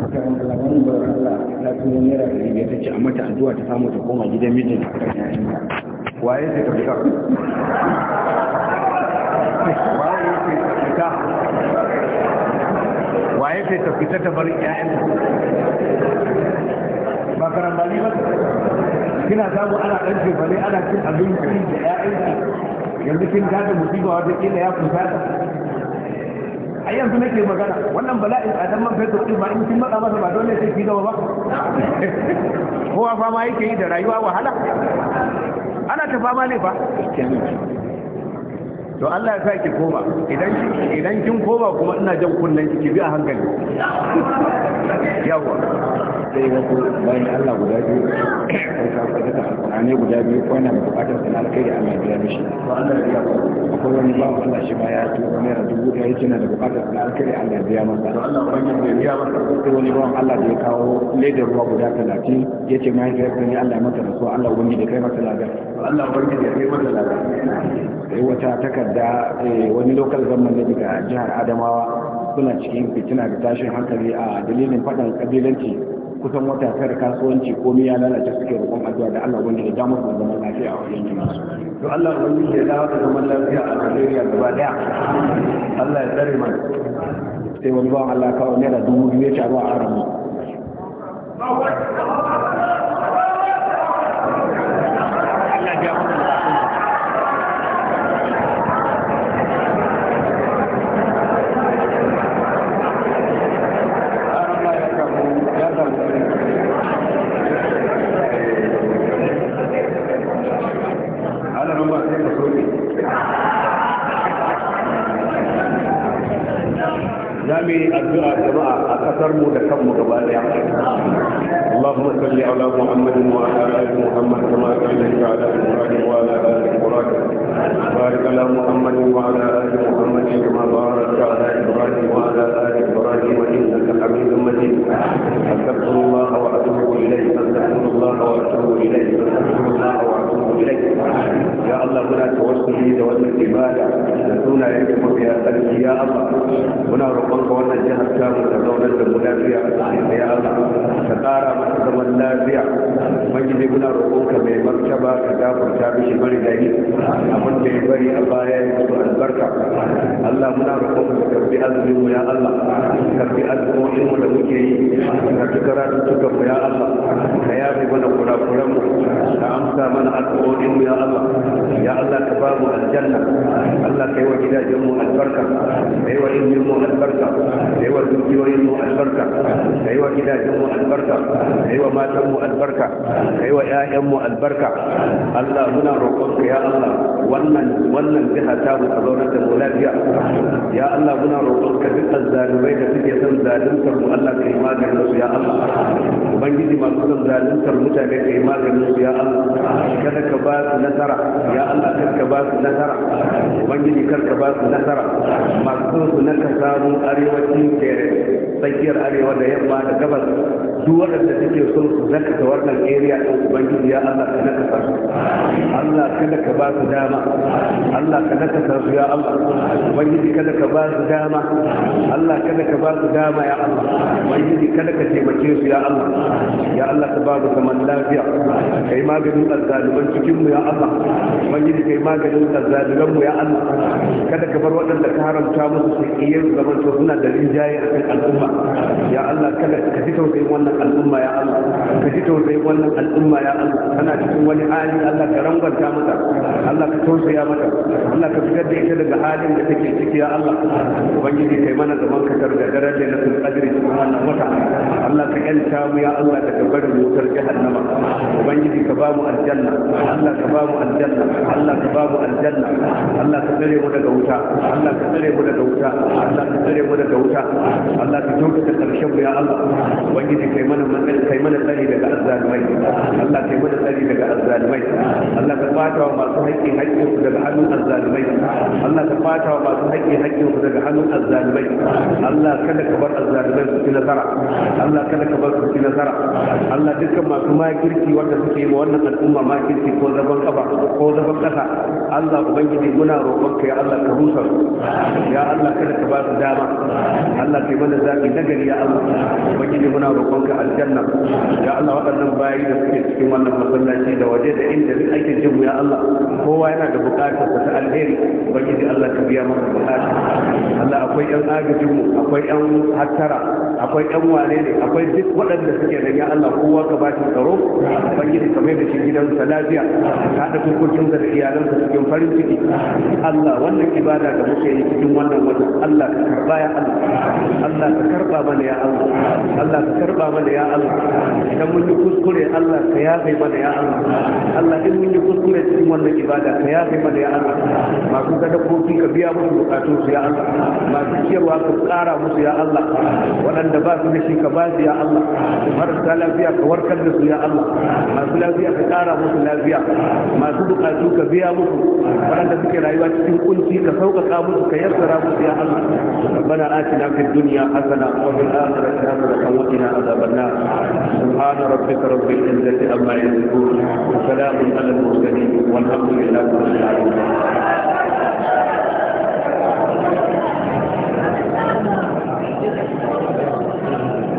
haka an kala bar Allah ta tuno naira ɗari biyar ta ce a mata addu'a ta samu ta koma gidan mijin a kan yayinta waye ta kafka waye ta fita waye ta ta fita ta bar ƴaƴanta ba karambali ba kina samu ana ɗan shefane ana cin abinci da ƴaƴanki yanzu kin gada musiba wata kila ya kusa a yanzu nake magana wannan bala'in dan man fetur din ma in kin matsa masa ba dole sai ki gaba ba kowa fama yake yi da rayuwa wahala ana ta fama ne fa to Allah ya sa koma idan idan kin koma kuma ina jan kunnen ki bi a hankali yawa sai wasu bayan Allah guda biyu karka sadaka alƙur'ani guda biyu ko yana buƙatar sana alkhairi Allah ya biya shi akwai wani ba mu Allah shi ma ya ci naira dubu ɗaya yake na da buƙatar sana alkhairi Allah ya biya masa sai wani Allah da ya kawo ledar ruwa guda talatin ya ce mahaifiyar Allah ya mata da Allah wani da kai Allah wani da kai mata lagar sai wata takarda eh, wani lokal zaman ne daga jihar Adamawa suna cikin fitina da tashin hankali a dalilin faɗin ƙabilanci kusan wata tara kasuwanci komai ya lalace suke roƙon addu'a da Allah wanda da damar musu zaman lafiya a wajen jama'a to Allah wanda ya da da zaman lafiya a Najeriya gaba daya Allah ya tsare mana sai wani bawan Allah kawo naira dubu biyu ya ci a aramu za mu جماعة أكثر jama'a a kasar اللهم صل على محمد وعلى ال محمد كما صليت على ابراهيم وعلى ال ابراهيم بارك على محمد وعلى ال محمد كما باركت على ابراهيم وعلى ال ابراهيم انك حميد مجيد استغفر الله واتوب اليه استغفر الله واتوب اليه استغفر الله واتوب اليه ya Allah muna tawassuli da wannan ibada da sunayen da mafiya tsarki ya Allah muna roƙon ka wannan jihar ta mu ta zaunar da mu lafiya ya Allah ka tsara mata zaman lafiya ubangiji muna roƙon ka mai martaba ka gafarta mishi bari da yi abin da ya bari a baya ya su albarka Allah muna roƙon ka karbi azumin mu ya Allah karbi azumin mu da muke yi ka karatu tukan mu ya Allah ka yafe mana kurakuran mu amsa mana addu'o'in ya Allah ya Allah ka ba mu aljanna Allah kai wa gidajen mu albarka kai wa ilmin mu albarka kai wa dukiyoyin mu albarka kai wa gidajen mu albarka kai wa matan mu albarka kai wa ƴaƴan mu albarka Allah muna roƙon ya wannan wannan jiha ta mu a zaunar da mu lafiya ya Allah muna roƙon ka dukkan zalimai da suke son zaluntar mu Allah ka yi maganin su ya Allah ubangiji masu son zaluntar mutane ka yi maganin su ya Allah kada ka ba su nasara ya Allah Kada ka ba su nasara ubangiji kar ka ba su nasara masu su na ka samu arewacin kere tsakiyar arewa da yamma da gabas duk waɗanda suke son su zaka ta wannan area ɗin ubangiji ya Allah ka naka Allah kada ka ba su dama Allah ka dakata sarfi ya Allah ubangiji kada ka ba su dama Allah kada ka ba su dama ya Allah ubangiji kada ka taimake su ya Allah ya Allah ka ba mu zaman lafiya kai maganin azzaliman cikin mu ya Allah ubangiji kai maganin azzaliman mu ya Allah kada ka bar waɗanda ka haramta musu su iya zaman to suna da rinjaye a kan al'umma ya Allah kada ka ji tausayin wannan al'umma ya Allah ka ji tausayin wannan al'umma ya Allah kana cikin wani hali Allah ka rangwanta mata Allah ka tausaye tausaya mata Allah ka fitar da ita daga halin da take ciki ya Allah ubangiji kai mana zaman ka da daraja na sun kadiri subhanahu wa ta'ala Allah ka yanta mu ya Allah daga barin ubangiji ka bamu mu aljanna Allah ka bamu mu aljanna Allah ka bamu mu aljanna Allah ka tsare mu daga wuta Allah ka tsare mu daga wuta Allah ka tsare mu daga wuta Allah ka kyautata karshen mu ya Allah ubangiji kai mana matsari kai mana tsari daga azzalumai Allah kai mana tsari daga azzalumai Allah ka fata wa masu haƙƙin haƙƙin su daga hannun azzalumai Allah ka fata wa masu haƙƙin haƙƙin su daga hannun azzalumai Allah kada ka bar azzalumai su ci nasara Allah kada ka bar su ci nasara Allah dukkan masu makirki wanda suke yi wannan al'umma ma kirki ko zaban kafa ko zaban kasa Allah ubangiji muna roƙon ka ya Allah ka rusa ya Allah kada ka ba su dama Allah kai mana zabi nagari ya Allah ubangiji muna roƙon ka aljanna ya Allah waɗannan bayi da suke cikin wannan masallaci da waje da inda duk ake jin ya Allah kowa yana da buƙatar ta alheri ubangiji Allah ka biya mana buƙata Allah akwai yan agajin akwai yan hattara akwai ɗan wane ne akwai duk waɗanda suke da ya Allah kowa ka ba shi tsaro ubangiji ka mai da shi gidan lafiya ka da kukurkinsa da iyalansa cikin farin ciki Allah wannan ibada da muke yi cikin wannan wata Allah ka karba ya Allah Allah ka karba mana ya Allah Allah ka karba mana ya Allah idan mun yi kuskure Allah ka yafe mana ya Allah Allah idan mun yi kuskure cikin wannan ibada ka yafe mana ya Allah masu sadakoki ka biya musu bukatun su ya Allah masu ciyarwa ka kara musu ya Allah waɗanda ba su da shi ka ba su ya Allah marasa lafiya ka warkar da su ya Allah masu lafiya ka kara musu lafiya masu bukatu ka biya musu waɗanda suke rayuwa cikin kunci ka sauƙaƙa musu ka yassara musu ya Allah ربنا آتنا في الدنيا حسنة وفي الآخرة حسنة وقنا عذاب النار سبحان ربك رب العزة عما يصفون وسلام على المرسلين والحمد لله رب العالمين